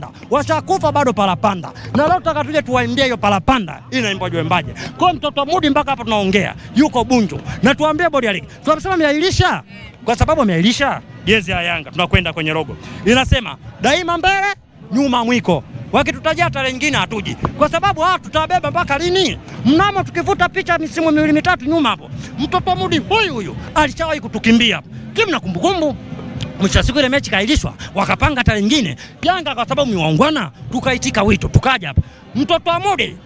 parapanda, washakufa bado parapanda. Na leo tutaka tuje tuwaimbie hiyo parapanda, hii inaimbwa inaimbaje mbaje. Kwa mtoto wa Mudi mpaka hapa tunaongea yuko Bunju, na tuambie bodi ya ligi tunasema miailisha kwa sababu miailisha jezi ya Yanga. Tunakwenda kwenye rogo, inasema daima mbele, nyuma mwiko wakitutajia tarehe nyingine hatuji, kwa sababu hawa ah, tutabeba mpaka lini? Mnamo tukivuta picha misimu miwili mitatu nyuma hapo, mtoto Mudi huyu huyu alishawahi kutukimbia timu na kumbukumbu mwisho wa siku ile mechi kailishwa, wakapanga tarehe nyingine. Yanga kwa sababu ni waungwana, tukaitika wito, tukaja hapa mtoto wa Mudi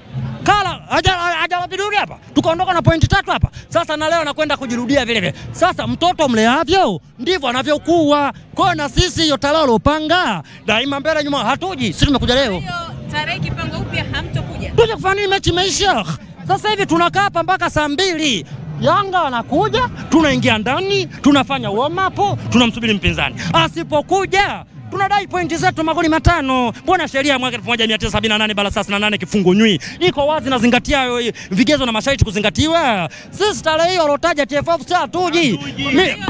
kala ajala vidudu hapa, tukaondoka na pointi tatu hapa. Sasa na leo nakwenda kujirudia vile vile. Sasa mtoto mleavyo ndivyo anavyokuwa. Kwa na sisi hiyo tarehe alopanga daima mbele nyuma hatuji sisi, tumekuja leo tarehe kipanga upya, hamtokuja tuje kufanya mechi imeisha. Sasa hivi tunakaa hapa mpaka saa mbili. Yanga anakuja, tunaingia ndani, tunafanya warm up, tunamsubiri mpinzani. Asipokuja tunadai pointi zetu magoli matano. Mbona sheria ya mwaka 1978 bala 38 kifungu nywi iko wazi na zingatia vigezo na masharti kuzingatiwa. Sisi tarehe hiyo alotaja TFF sasa hatuji.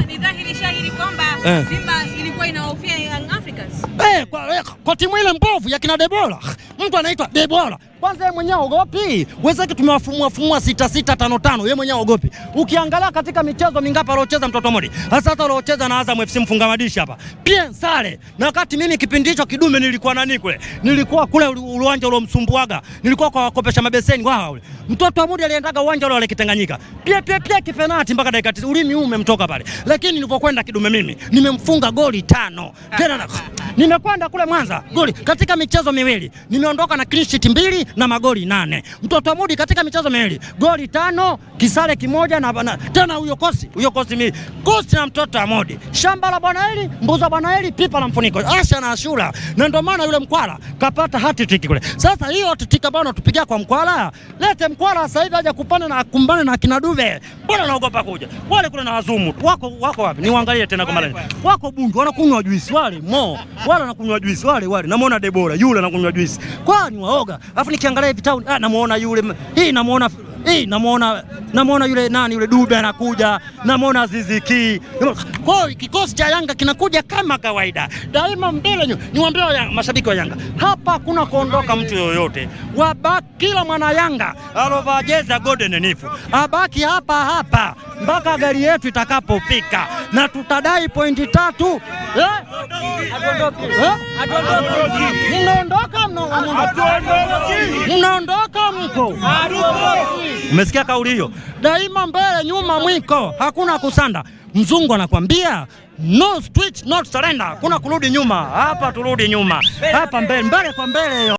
Ni dhahiri shahiri kwamba eh. Simba ilikuwa inawafia Young Africans. Eh, eh, kwa timu ile mbovu ya kina Debora. Mtu anaitwa Debora. Kwanza yeye mwenyewe ogopi. Wenzake tumewafumua fumua sita sita tano tano, yeye mwenyewe ogopi. Ukiangalia katika michezo mingapi aliocheza mtoto mmoja. Hasa hata aliocheza na Azam FC mfunga madishi hapa. Pia sare. Na wakati mimi kipindi hicho kidume nilikuwa nani kule? Nilikuwa kule uwanja ule msumbuaga. Nilikuwa kwa wakopesha mabeseni wao wale. Mtoto mmoja aliendaga uwanja ule wale Kitanganyika. Pia pia pia kipenati mpaka dakika 90 ulimi umemtoka pale. Lakini nilipokwenda kidume mimi nimemfunga goli tano. Tena ah, ah, ah, nimekwenda kule Mwanza goli katika michezo miwili. Nimeondoka na clean sheet mbili na magoli nane. Mtoto Mudi katika michezo miwili goli tano, kisale kimoja na, na tena huyo kosi huyo kosi mi kosi na mtoto Mudi, shamba la bwana hili, mbuza bwana hili, pipa la mfuniko Asha na Ashura, na ndio maana yule Mkwala kapata hat trick kule. Sasa hiyo hat trick ambayo natupigia kwa Mkwala, lete Mkwala sasa hivi aje kupana na kumbane na kina Dube, mbona naogopa kuja wale kule na wazumu wako wako wapi? Niangalie tena kwa mara wako bunge wanakunywa juisi wale mo wale wanakunywa juisi wale wale, namwona Debora yule anakunywa juisi, kwani waoga afu nikiangalia hivi town ah, namuona yule hii, namuona hey, namuona namuona yule nani yule Dube anakuja, namuona Ziziki. Kwa hiyo kikosi cha Yanga kinakuja kama kawaida daima mbele. Niwaambie mashabiki wa Yanga, hapa kuna kuondoka mtu yoyote, wabaki kila mwana Yanga alovaa jezi ya golden nifu abaki hapa hapa mpaka gari yetu itakapofika, na tutadai pointi tatu. Eh? Eh? Mnaondoka mko Umesikia kauli hiyo? Daima mbele, nyuma mwiko, hakuna kusanda. Mzungu anakwambia no switch, not surrender. Kuna kurudi nyuma hapa, turudi nyuma hapa, mbele mbele kwa mbele hiyo.